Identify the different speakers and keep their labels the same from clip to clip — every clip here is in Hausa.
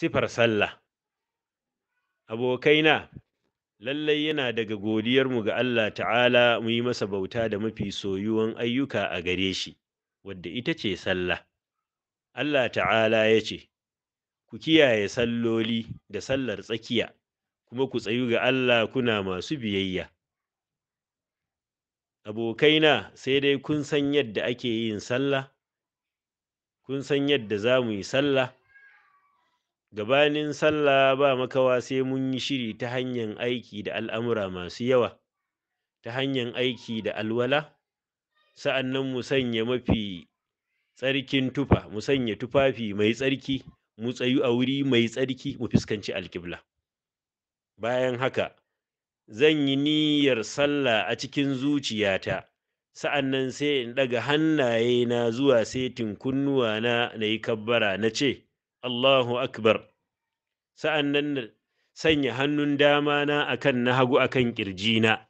Speaker 1: sifar sallah abokaina lallai yana daga godiyarmu ga Allah ta'ala mu yi masa bauta da mafi soyuwan ayyuka a gare shi wadda ita ce sallah Allah ta'ala ya ce ku kiyaye salloli da sallar tsakiya kuma ku tsayu ga Allah kuna masu biyayya abokaina sai dai kun san yadda ake yin sallah kun san yadda za mu yi sallah gabanin sallah ba makawa sai mun yi shiri ta hanyar aiki da al'amura masu yawa ta hanyar aiki da alwala sa'annan mu sanya mafi tsarkin tufa mu sanya tufafi mai tsarki mu tsayu a wuri mai tsarki mu fuskanci alkibla bayan haka zan yi niyyar sallah a cikin zuciyata sa'annan sai in ɗaga hannaye na zuwa setin kunnuwa na na yi kabbara na ce Allahu akbar sa'an nan sanya hannun dama na a kan na hagu a akan na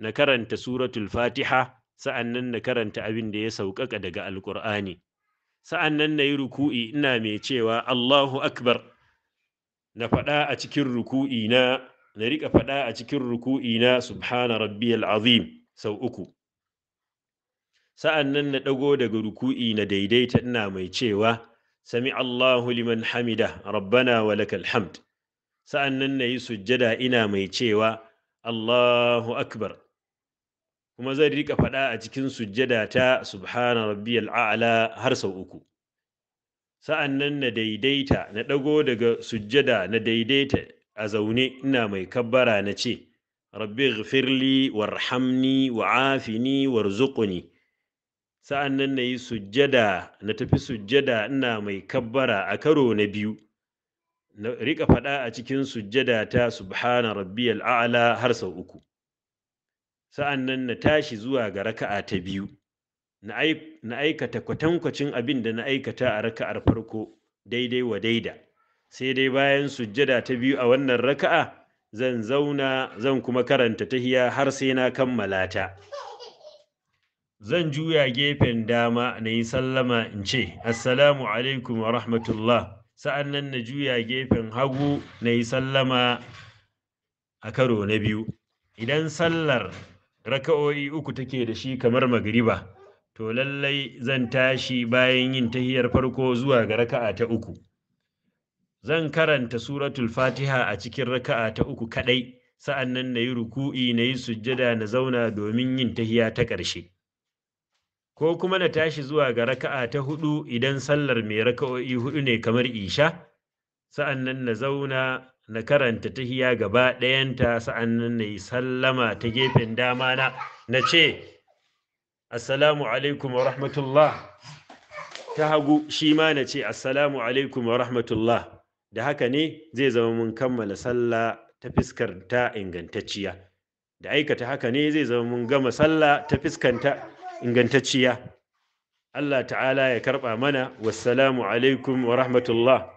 Speaker 1: na karanta suratul fatiha sa'an nan na karanta abin da ya sauƙaƙa daga alƙur'ani sa'an nan na yi ruku'i ina mai cewa Allahu akbar na faɗa a cikin ruku'i na na riƙa faɗa a cikin ruku'i na subhana rabbi azim sau uku sa'an nan na ɗago daga ruku'i na daidaita ina mai cewa sami Allahu liman hamida rabbana wa lakal hamd sa'annan nayi sujjada ina mai cewa Allahu akbar kuma zan rika faɗa a cikin sujjada ta subhana rabbiyal a'la har sau uku sa'annan na daidaita na ɗago daga sujjada na daidaita a zaune ina mai kabbara na ce rabbi ghfirli warhamni wa'afini warzuqni sa'an nan na yi sujjada na tafi sujjada ina mai kabbara a karo na biyu na riƙa faɗa a cikin sujjada ta subhana rabbiyal a'la har sau uku sa'an nan na tashi zuwa ga raka'a ta biyu na aikata kwatankwacin abin da na aikata a raka'ar farko daidai wa daida sai dai bayan sujjada ta biyu a wannan raka'a zan zauna zan kuma karanta tahiya har sai na kammala ta zan juya gefen dama na yi sallama in ce assalamu alaikum wa rahmatullah sa'an nan na juya gefen hagu na yi sallama a karo na biyu idan sallar raka'o'i uku take da shi kamar magriba to lallai zan tashi bayan yin tahiyar farko zuwa ga raka'a ta uku zan karanta suratul fatiha a cikin raka'a ta uku kaɗai, sa'an nan na yi ruku'i na yi sujjada na zauna domin yin tahiya ta ƙarshe ko kuma na tashi zuwa ga raka'a ta hudu idan sallar mai raka'o'i hudu ne kamar isha sa'an nan na zauna na karanta tahiya gaba ɗayanta sa'an nan na yi sallama ta gefen dama na na ce assalamu alaikum wa rahmatullah ta hagu shi ma na ce assalamu alaikum wa rahmatullah da haka ne zai zama mun kammala sallah ta fiskar ta ingantacciya da aikata haka ne zai zama mun gama sallah ta fiskanta ingantacciya Allah ta'ala ya karɓa mana wassalamu alaikum wa rahmatullah